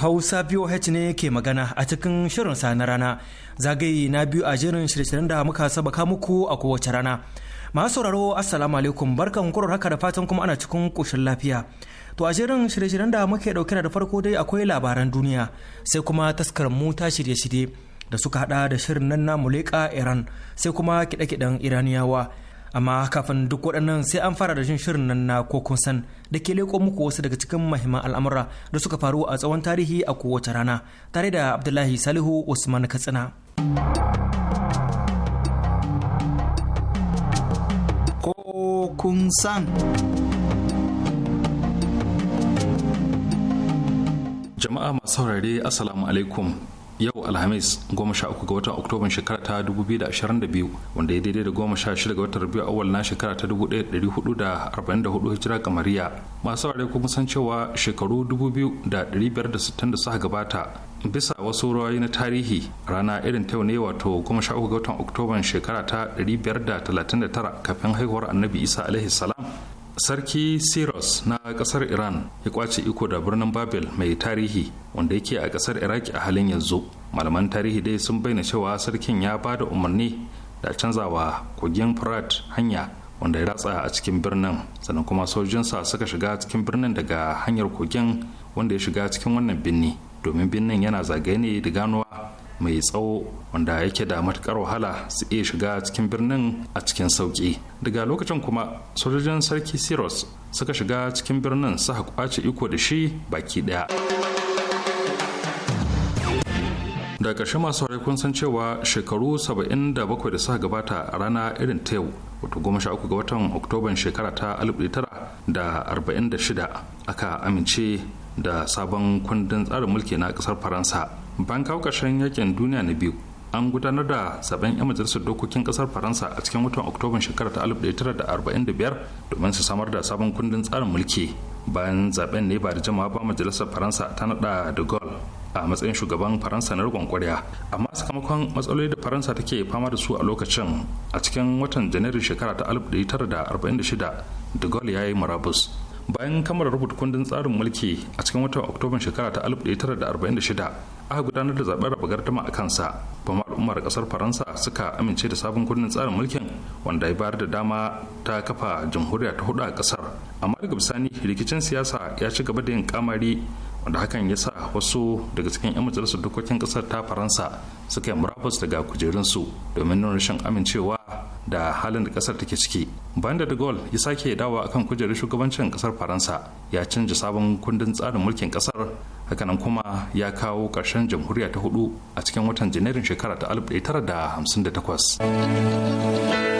Hausa BOH ne ke magana a cikin shirin sa na rana zagaye na biyu a jerin shirye-shiryen da muka ka muku a kowace rana. Masu sauraro Assalamu alaikum barkan kurar haka da fatan kuma ana cikin kushin lafiya. To a jerin shirye-shiryen da muke ɗauke da farko dai akwai labaran duniya sai kuma taskar mu ta shirye-shirye da suka hada da shirin nan na Muleka Iran sai kuma kiɗe-kiɗen Iraniyawa. amma kafin duk waɗannan sai an fara da jin shirin nan na kokon san da ke leƙo muku wasu daga cikin mahimman al'amura da suka faru a tsawon tarihi a kowace rana tare da abdullahi salihu usman katsina kokun san jama'a masu saurare assalamu alaikum yau alhamis 13 ga watan oktoban shekara ta 2022 wanda ya daidai da 16 ga watan rabiu awal na shekara ta 1444 hijira kamariya masu ware kuma san cewa shekaru 2560 da suka gabata bisa wasu rawayi na tarihi rana irin ta ne wato 13 ga watan oktoban shekara ta tara kafin haihuwar annabi isa alaihi salam sarki siros na kasar iran ya kwace iko da birnin babel mai tarihi wanda yake a kasar iraq a halin yanzu malaman tarihi dai sun bayyana cewa sarkin ya ba da umarni da canzawa kogin prat hanya wanda ya ratsa a cikin birnin sannan kuma sojinsa suka shiga cikin birnin daga hanyar kogin wanda ya shiga cikin wannan binni domin birnin yana zagaye ne da gano mai tsawo wanda yake da matukar wahala su iya shiga cikin birnin a cikin sauki daga lokacin kuma sojojin sarki cyrus suka shiga cikin birnin suka kwace iko da shi baki daya da ƙarshe masu harai kun san cewa shekaru 77 da suka gabata a rana irin ta yau wato 13 ga watan oktoban shekara ta 1946 aka amince da sabon kundin tsarin mulki na ƙasar faransa bayan kawo ƙarshen yakin duniya na biyu an gudanar da zaben 'yan majalisar dokokin kasar faransa a cikin watan oktoban shekarar ta 1945 domin su samar da sabon kundin tsarin mulki bayan zaben ne ba da jama'a ba majalisar faransa ta nada de gaulle a matsayin shugaban faransa na rikon kwarya amma sakamakon matsaloli da faransa take fama da su a lokacin a cikin watan Janairu shekara ta 1946 de gaulle ya yi murabus bayan kammala rubuta kundin tsarin mulki a cikin watan oktoban shekara ta 1946 aka gudanar da zaben raba gardama a kansa kuma al'ummar kasar faransa suka amince da sabon kundin tsarin mulkin wanda ya bayar da dama ta kafa jamhuriya ta hudu a kasar amma daga bisani rikicin siyasa ya ci gaba da yin kamari wanda hakan ya sa wasu daga cikin 'yan majalisar dokokin kasar ta faransa suka yi murabus daga kujerunsu domin nuna rashin amincewa da halin da kasar take ciki bayan da de gaulle ya sake dawa akan kujerar shugabancin kasar faransa ya canja sabon kundin tsarin mulkin kasar hakanan kuma ya kawo ƙarshen jamhuriya ta hudu a cikin watan janairun shekara ta 1958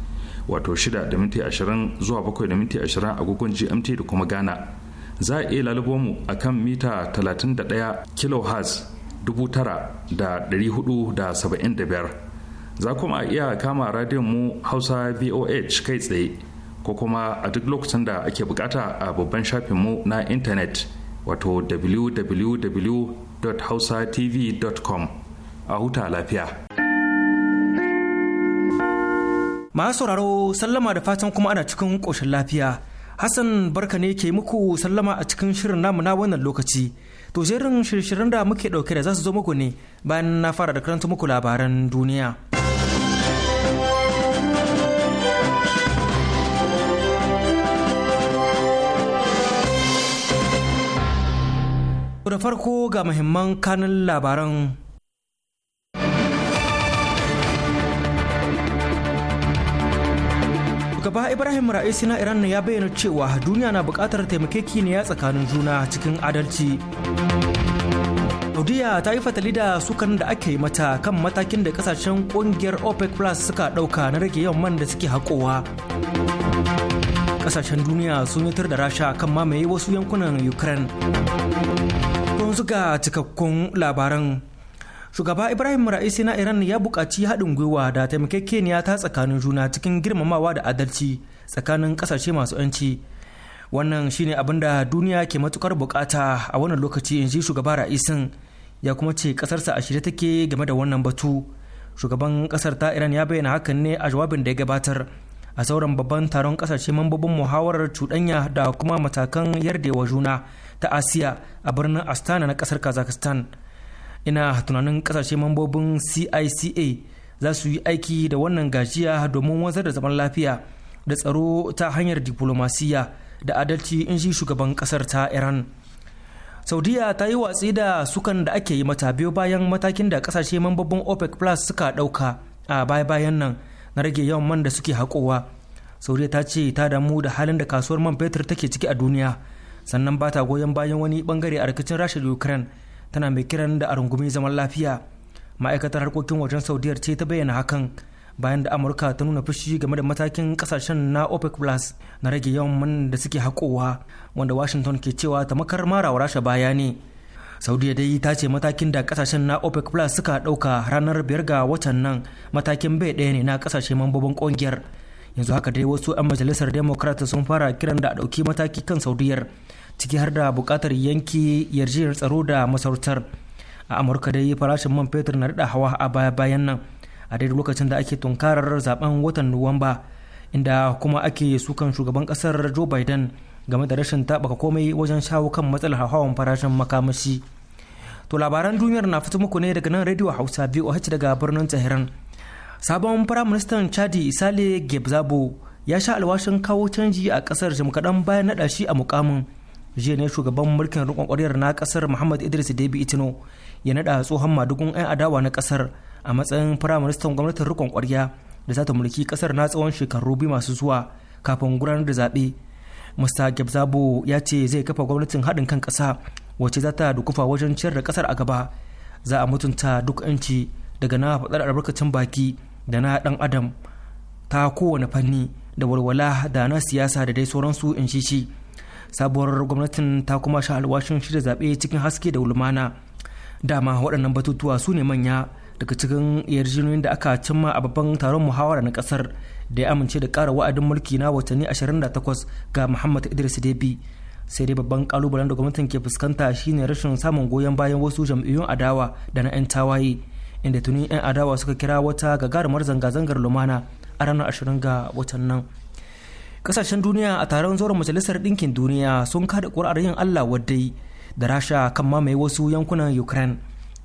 wato 6.20 da zuwa bakwai da minti agogon gmt da kuma ghana za a iya lalubo mu a kan mita 31 kilohertz 9475 za kuma a iya kama radiyon mu hausa voh kai tsaye ko kuma a duk lokacin da ake bukata a babban shafin mu na intanet wato www.hausatv.com a huta lafiya. Masu sauraro sallama da fatan kuma ana cikin koshin lafiya. Hassan barka ne ke muku sallama a cikin shirin namu na wannan lokaci. To jerin shirin da muke ɗauke da za su zo muku ne bayan na fara da karanta muku labaran duniya. Da farko ga muhimman kanin labaran shugaba ibrahim ra'isi na iran ya bayyana cewa duniya na buƙatar taimakekeniya tsakanin juna cikin adalci saudiya ta yi fatali da sukan da ake mata kan matakin da kasashen kungiyar opec plus suka ɗauka na rage yawan man da suke haƙowa kasashen duniya sun yutar da rasha kan mamaye wasu yankunan ukraine kun suka cikakkun labaran shugaba ibrahim ra'isi na iran ya buƙaci haɗin gwiwa da taimakekeniya ta tsakanin juna cikin girmamawa da adalci tsakanin ƙasashe masu 'yanci wannan shine abin da duniya ke matukar bukata a wannan lokaci in ji shugaba ra'isin ya kuma ce ƙasarsa a shirye take game da wannan batu shugaban ƙasar ta iran ya bayyana hakan ne a jawabin da ya gabatar a sauran babban taron kasashe mambobin muhawarar cuɗanya da kuma matakan yardewa juna ta asiya a birnin astana na ƙasar kazakhstan ina tunanin kasashe mambobin cica za su yi aiki da wannan gajiya domin wanzar da zaman lafiya da tsaro ta hanyar diplomasiya da adalci in shi shugaban kasar ta iran saudiya ta yi watsi da sukan da ake yi mata biyu bayan matakin da kasashe mambobin opec plus suka ɗauka a baya bayan nan na rage yawan man da suke haƙowa saudiya ta ce ta damu da halin da kasuwar man fetur take ciki a duniya sannan ba ta goyon bayan wani bangare a rikicin rasha da ukraine tana mai kiran da a rungumi zaman lafiya ma'aikatar harkokin wajen saudiyar ce ta bayyana hakan bayan da amurka ta nuna fushi game da matakin kasashen na opec plus na rage yawan man da suke haƙowa wanda washington ke cewa ta makar marawa rasha baya ne saudiya dai ta ce matakin da kasashen na opec plus suka ɗauka ranar biyar ga watan nan matakin bai ɗaya ne na kasashe mambobin ƙungiyar yanzu haka dai wasu 'yan majalisar democrat sun fara kiran da a ɗauki mataki kan saudiyar ciki har da buƙatar yanke yarjejeniyar tsaro da masarautar a amurka dai farashin man fetur na daɗa hawa a baya bayan nan a daidai lokacin da ake tunkarar zaben watan nuwamba inda kuma ake sukan shugaban ƙasar joe biden game da rashin taɓaka komai wajen shawo kan matsalar hawan farashin makamashi to labaran duniyar na fito muku ne daga nan radio hausa biyu voh daga birnin tehran sabon firaministan chadi sale gebzabo ya sha alwashin kawo canji a kasar jim kaɗan bayan naɗa shi a mukamin jiya ne shugaban mulkin rikon kwarar na kasar muhammad idris debi itino ya naɗa tsohon madugun 'yan adawa na kasar a matsayin firaministan gwamnatin rikon kwarya da za ta mulki kasar na tsawon shekaru biyu masu zuwa kafin gudanar da zaɓe mr gabzabo ya ce zai kafa gwamnatin haɗin kan ƙasa wacce za ta dukufa wajen ciyar da ƙasar a gaba za a mutunta duk 'yanci daga na faɗar albarkacin baki da na ɗan adam ta kowane fanni da walwala da na siyasa da dai sauransu in shi shi sabuwar gwamnatin ta kuma sha alwashin shirya zaɓe cikin haske da lumana dama waɗannan batutuwa su ne manya daga cikin yarjejeniyoyin da aka cimma a babban taron muhawara na kasar da ya amince da ƙara wa'adin mulki na watanni 28 ga muhammad idris debi sai dai babban kalubalen da gwamnatin ke fuskanta shine rashin samun goyon bayan wasu jam'iyyun adawa da na 'yan tawaye inda tuni 'yan adawa suka kira wata gagarumar zanga-zangar lumana a ranar 20 ga watan nan kasashen duniya a taron zauren majalisar ɗinkin duniya sun kada ƙuri'ar yin allah wadai da rasha kan mamaye wasu yankunan ukraine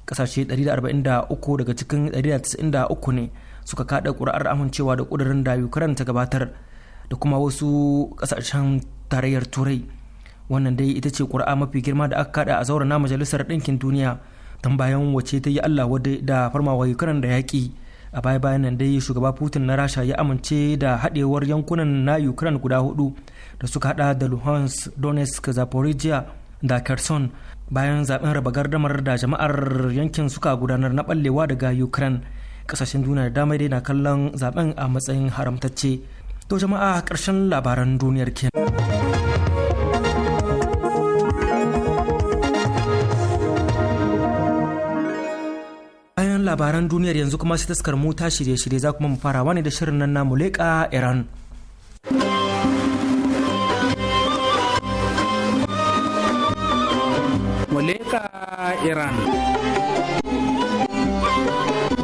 kasashe 143 daga cikin 193 ne suka kada ƙuri'ar amincewa da ƙudurin da ukraine ta gabatar da kuma wasu kasashen tarayyar turai wannan dai ita ce ƙuri'a mafi girma da aka kada a zauren majalisar ɗinkin duniya tun bayan wace ta yi allah wadai da farmawa ukraine da yaƙi a baya bayan nan dai shugaba putin na rasha ya amince da haɗewar yankunan na ukraine guda hudu da suka hada da luhansk donetsk zaporizhia da kherson bayan zaben raba gardamar da jama'ar yankin suka gudanar na ballewa daga ukraine kasashen duniya da dama dai na kallon zaben a matsayin haramtacce to jama'a ƙarshen labaran duniyar kenan labaran duniyar yanzu kuma sai taskar mu ta shirye-shirye za kuma mu fara wani da shirin nan namu leƙa Iran.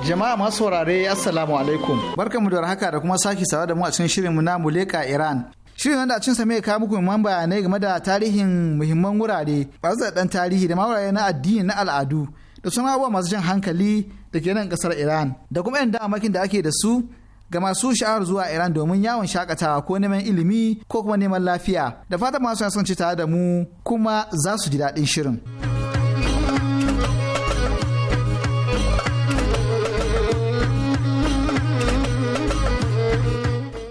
Jama'a masu saurare Assalamu alaikum. Barkanmu da haka da kuma sake sawa da mu a cikin mu na Muleka Iran. Shirin wanda a cin sa mai kawo muku bayanai game da tarihin muhimman wurare, dan tarihi da ma wurare na addini na al'adu da suna abubuwa masu jan hankali da ke nan kasar Iran da kuma 'yan damakin da ake da su ga masu sha'awar zuwa Iran domin yawon shakatawa ko neman ilimi ko kuma neman lafiya da fata masu son ci tare da mu kuma za su ji daɗin shirin.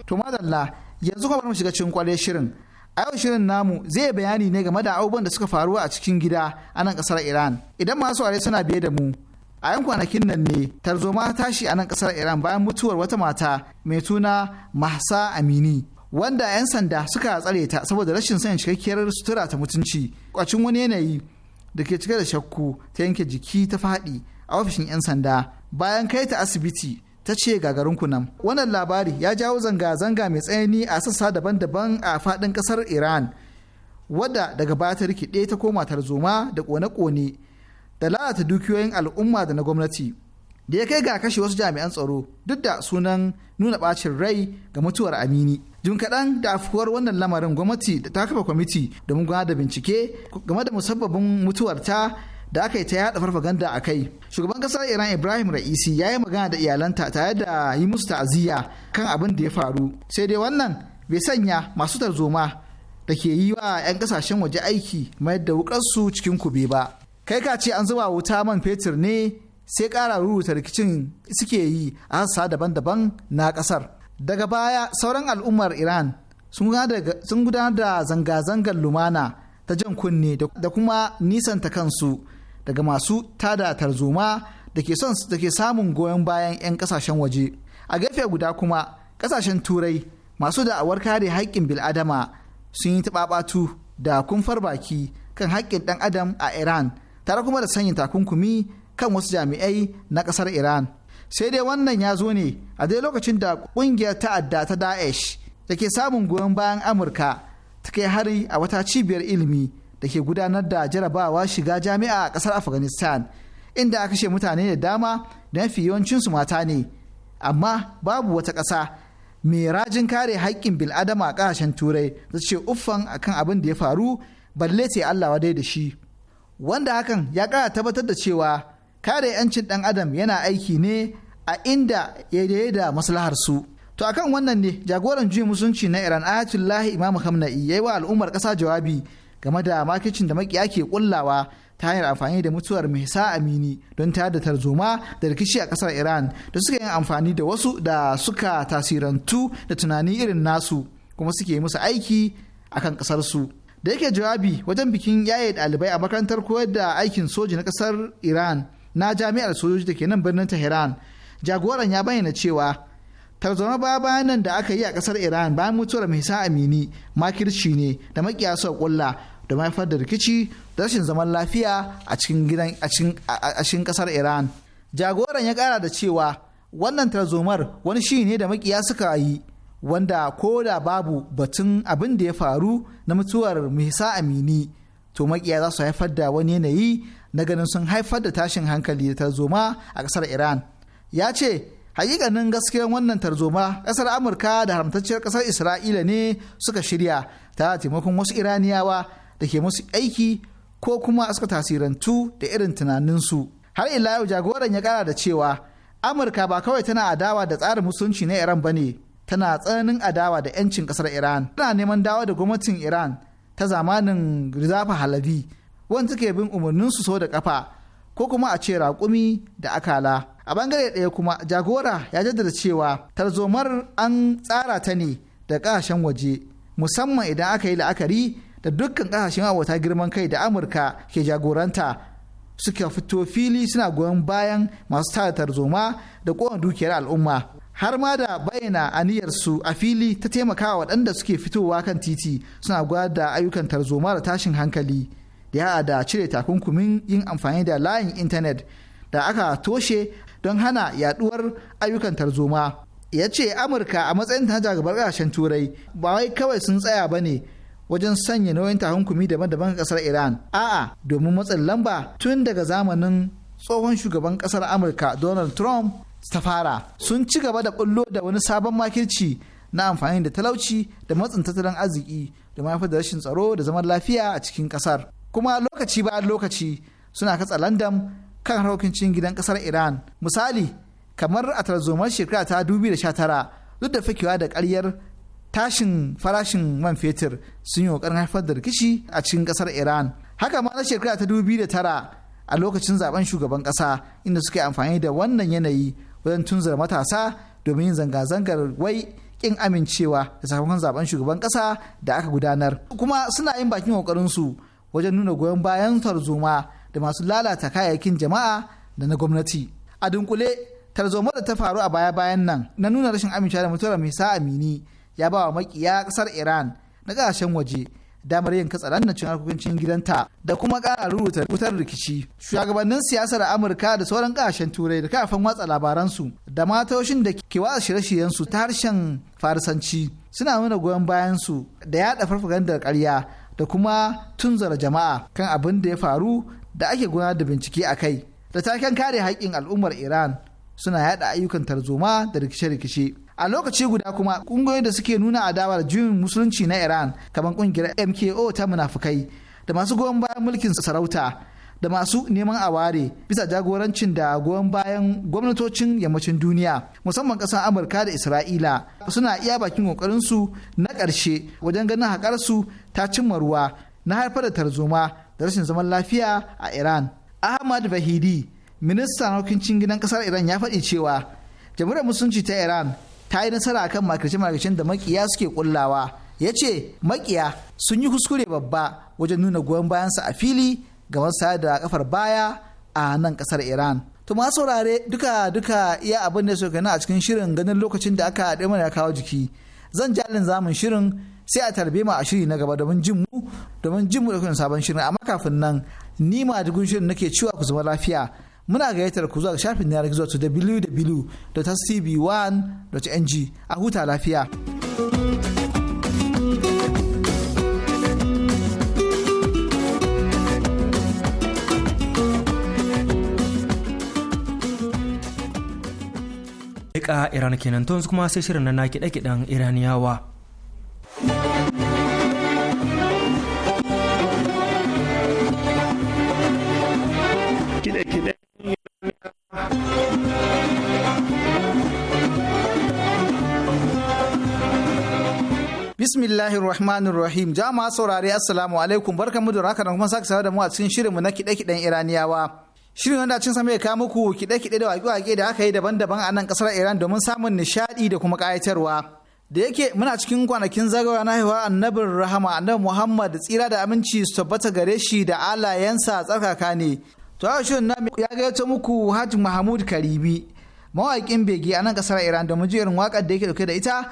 To madalla yanzu kuma bari mu shiga cikin shirin a yau shirin namu zai bayani ne game da abubuwan da suka faruwa a cikin gida a nan kasar iran idan masu ware suna biye da mu a yan kwanakin nan ne tarzoma tashi a nan kasar iran bayan mutuwar wata mata mai tuna mahsa amini wanda 'yan sanda suka tsare ta saboda rashin sanya cikakkiyar sutura ta mutunci kwacin wani yanayi da ke cike da shakku ta yanke jiki ta faɗi a ofishin 'yan sanda bayan kai ta asibiti ta ce gagarin kunam wannan labari ya jawo zanga-zanga mai tsayani a sassa daban-daban a faɗin ƙasar iran wadda daga baya ta rikide ta koma tarzoma da kone-kone da lalata dukiyoyin al'umma da na gwamnati da ya kai ga kashe wasu jami'an tsaro duk da sunan nuna ɓacin rai ga mutuwar amini jim kaɗan da afuwar wannan lamarin gwamnati da ta kafa kwamiti domin gwana da bincike game da musabbabin mutuwarta da aka yi ta yada farfaganda a kai shugaban kasar iran ibrahim ra'isi ya yi magana da iyalanta tare da yi musu ta'aziyya kan abin da ya faru sai dai wannan bai sanya masu tarzoma da ke yi wa 'yan kasashen waje aiki mayar da wukarsu cikin kube ba kai ka ce an zuba wuta man fetur ne sai kara rubuta rikicin suke yi a hassa daban-daban na kasar daga baya sauran al'ummar iran sun gudanar da zanga-zangar lumana ta jan kunne da kuma nisanta kansu daga masu tada tarzoma da ke son da ke samun goyon bayan 'yan kasashen waje a gefe guda kuma kasashen turai masu da'awar kare haƙƙin bil'adama sun yi taɓaɓatu da kumfar baki kan haƙƙin ɗan adam a iran tare kuma da sanya takunkumi kan wasu jami'ai na ƙasar iran sai dai wannan ya zo ne a dai lokacin da ƙungiyar ta'adda ta daesh da ke samun goyon bayan amurka ta kai hari a wata cibiyar ilimi da ke gudanar da jarabawa shiga jami'a a ƙasar afghanistan inda aka ce mutane da dama don fi yawancinsu mata ne amma babu wata ƙasa mai rajin kare haƙƙin bil'adama a ƙasashen turai da ce uffan akan abin da ya faru balle sai allah wadai da shi wanda hakan ya ƙara tabbatar da cewa kare 'yancin ɗan adam yana aiki ne a inda ya da maslahar su to akan wannan ne jagoran juyin musulunci na iran ayatullahi imam hamna'i ya yi wa al'ummar ƙasa jawabi game da makicin da makiya ke kullawa ta hanyar amfani da mutuwar Mehsa Amini don ta da tarzoma da rikici a kasar Iran da suka yi amfani da wasu da suka tasirantu da tunani irin nasu kuma suke musu aiki akan kasar su. Da yake jawabi wajen bikin yaye ɗalibai a makarantar koyar da aikin soji na kasar Iran na jami'ar sojoji da ke nan birnin Tehran. Jagoran ya bayyana cewa tarzoma bayan nan da aka yi a kasar iran bayan mutuwar sa amini makirci ne da maƙiya suka kulla da mahaifar da rikici da rashin zaman lafiya a cikin gidan a cikin kasar iran jagoran ya kara da cewa wannan tarzomar wani shi ne da makiya suka yi wanda ko da babu batun abin da ya faru na mutuwar sa amini to makiya za su haifar da wani yanayi na ganin sun haifar da tashin hankali da tarzoma a kasar iran ya ce hakikanin gaskiyar wannan tarzoma kasar amurka da haramtacciyar kasar isra'ila ne suka shirya tare da taimakon wasu iraniyawa da ke musu aiki ko kuma suka tasirantu da irin tunaninsu har ila yau jagoran ya kara da cewa amurka ba kawai tana adawa da tsarin musulunci na iran bane tana tsananin adawa da 'yancin ƙasar iran tana neman dawo da gwamnatin iran ta zamanin rizafa halabi wanda take bin umarninsu sau da kafa ko kuma a ce raƙumi da akala a bangare ɗaya kuma jagora ya jaddada cewa tarzomar an tsara ta ne da ƙasashen waje musamman idan aka yi la'akari da dukkan ƙasashen abota girman kai da amurka ke jagoranta suka fito fili suna goyon bayan masu tada tarzoma da kowane dukiyar al'umma har ma da bayyana aniyarsu a fili ta taimakawa waɗanda suke fitowa kan titi suna gwada ayyukan tarzoma da tashin hankali da ya da cire takunkumin yin amfani da layin intanet da aka toshe don hana yaduwar ayyukan tarzoma ya ce amurka a matsayin ta jagabar ƙasashen turai ba wai kawai sun tsaya ba ne wajen sanya nauyin takunkumi daban-daban kasar iran a'a domin matsin lamba tun daga zamanin tsohon shugaban kasar amurka donald trump ta fara sun ci gaba da kullo da wani sabon makirci na amfani da talauci da matsin tattalin arziki da mahaifar da rashin tsaro da zaman lafiya a cikin kasar kuma lokaci bayan lokaci suna katsa katsalandan kan harkokin gidan kasar iran misali kamar a tarzomar shekara ta 2019 duk da fakewa da karyar tashin farashin man fetur sun yi kokarin haifar da rikici a cikin kasar iran haka ma na shekara ta 2009 a lokacin zaben shugaban kasa inda suka amfani da wannan yanayi wajen tunzura matasa domin yin zanga-zangar wai kin amincewa da sakamakon zaben shugaban kasa da aka gudanar kuma suna yin bakin kokarin su wajen nuna goyon bayan tarzoma da masu lalata kayayyakin jama'a da na gwamnati. A dunkule, tarzoma da ta faru a baya-bayan nan na nuna rashin amincewa da mutuwar sa Amini ya ba wa makiya kasar Iran na kasashen waje damar yin katsalan cin harkokin gidanta da kuma ƙara rubuta wutar rikici. Shugabannin siyasar Amurka da sauran kasashen Turai da kafin watsa labaransu da matoshin da ke watsa shirye-shiryensu ta harshen Farisanci suna nuna goyon bayansu da yaɗa farfagandar karya. da kuma tunzara jama'a kan abin da ya faru da ake gudanar da bincike a kai da taken kare haƙƙin al'ummar iran suna yada ayyukan tarzoma da rikice-rikice a lokaci guda kuma ƙungiyoyin da suke nuna adawa da juyin musulunci na iran kamar ƙungiyar mko ta munafukai da masu goyon bayan mulkin sarauta da masu neman aware bisa jagorancin da goyon bayan gwamnatocin yammacin duniya musamman ƙasar amurka da isra'ila suna iya bakin ƙoƙarinsu na ƙarshe wajen ganin haƙarsu ta cimma ruwa na haifar da tarzoma da rashin zaman lafiya a Iran. Ahmad Bahidi, ministan harkokin gidan kasar Iran ya faɗi cewa jamhuriyar musulunci ta Iran ta yi nasara akan makarce-makarcen da makiya suke kullawa. Ya ce makiya sun yi kuskure babba wajen nuna goyon bayansa a fili ga masu da kafar baya a nan kasar Iran. To ma saurare duka duka iya abin da suka a cikin shirin ganin lokacin da aka haɗe mana ya kawo jiki. Zan jalin zamun shirin sai a tarbe mu a shiri na gaba domin jin mu domin jin mu da sabon shirin amma kafin nan ni ma gun shirin nake cewa ku zama lafiya muna gayyatar ku zuwa shafin na gizo to www.tv1.ng a huta lafiya. Iran kenan to kuma sai shirin na kiɗe-kiɗen Iraniyawa. bismillahirrahmanirrahim Rahmanir Jama'a saurare Assalamu alaikum barkanmu da raka da kuma sake da mu a cikin shirinmu na kiɗe-kiɗen Iraniyawa. Shirin wanda cin sa mai kawo muku kiɗe-kiɗe da waƙe-waƙe da aka yi daban-daban a nan ƙasar Iran domin samun nishaɗi da kuma kayatarwa. Da yake muna cikin kwanakin zagawa na haihuwar annabin rahama annabi Muhammad tsira da aminci su tabbata gare shi da alayensa tsarkaka ne. To a shirin na ya gayyato muku haji Mahmud Karibi mawaƙin bege a nan ƙasar Iran mu ji irin waƙar da yake dauke da ita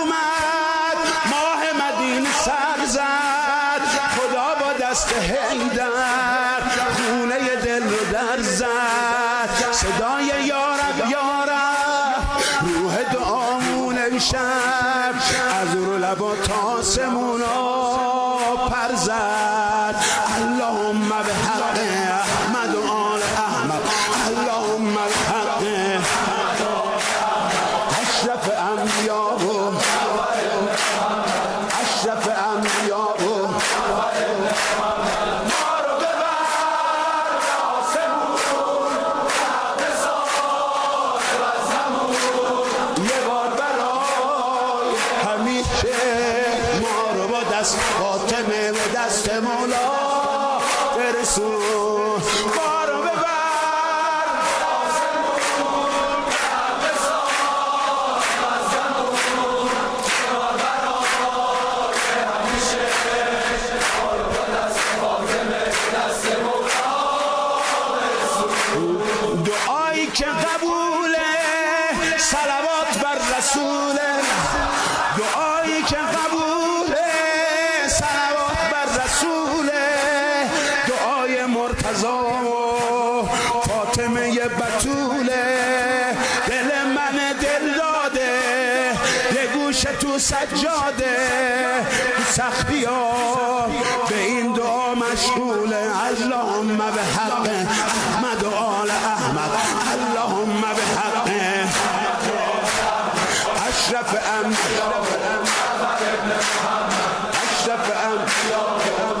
the hand down. و فاطمه دست مولا برسون أشرف أم أشرف أم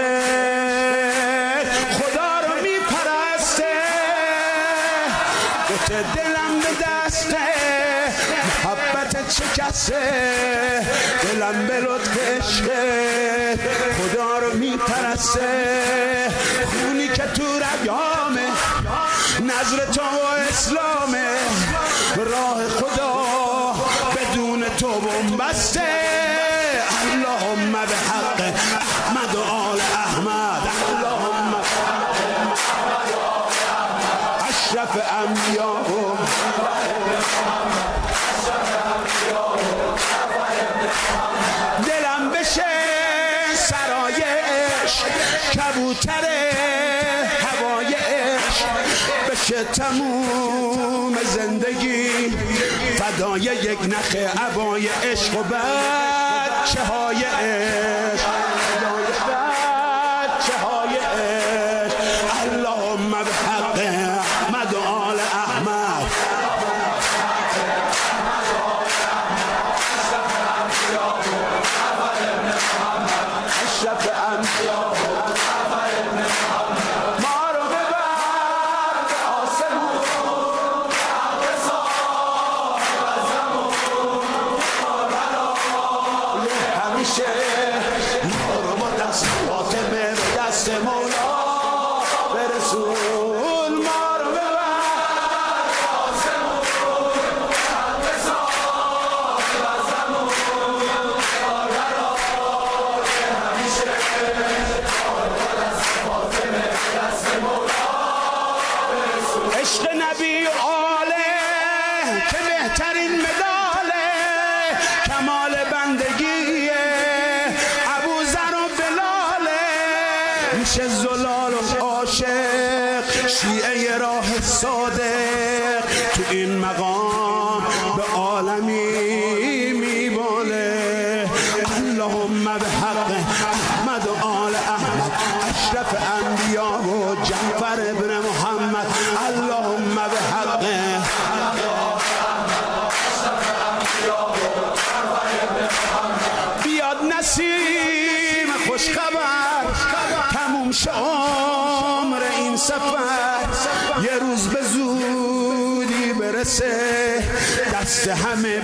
میترسه دلم به لطف خدا رو میترسه خونی که تو رگامه نظر تو و اسلامه راه خدا بدون تو بمبسته اللهم به حق یک نخه عبای عشق و بچه های عشق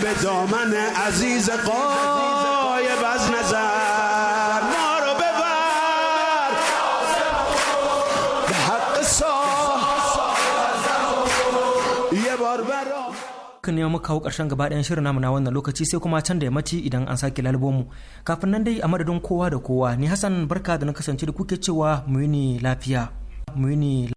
به دامن عزیز قایب از نظر ما رو ببر به حق یه بار برا ne muka hau karshen gaba ɗayan shirin namu na wannan lokaci sai kuma can da ya mati idan an sake lalubo mu kafin nan dai a madadin kowa da kowa ni hassan barka da na kasance da kuke cewa mu yi lafiya mu yi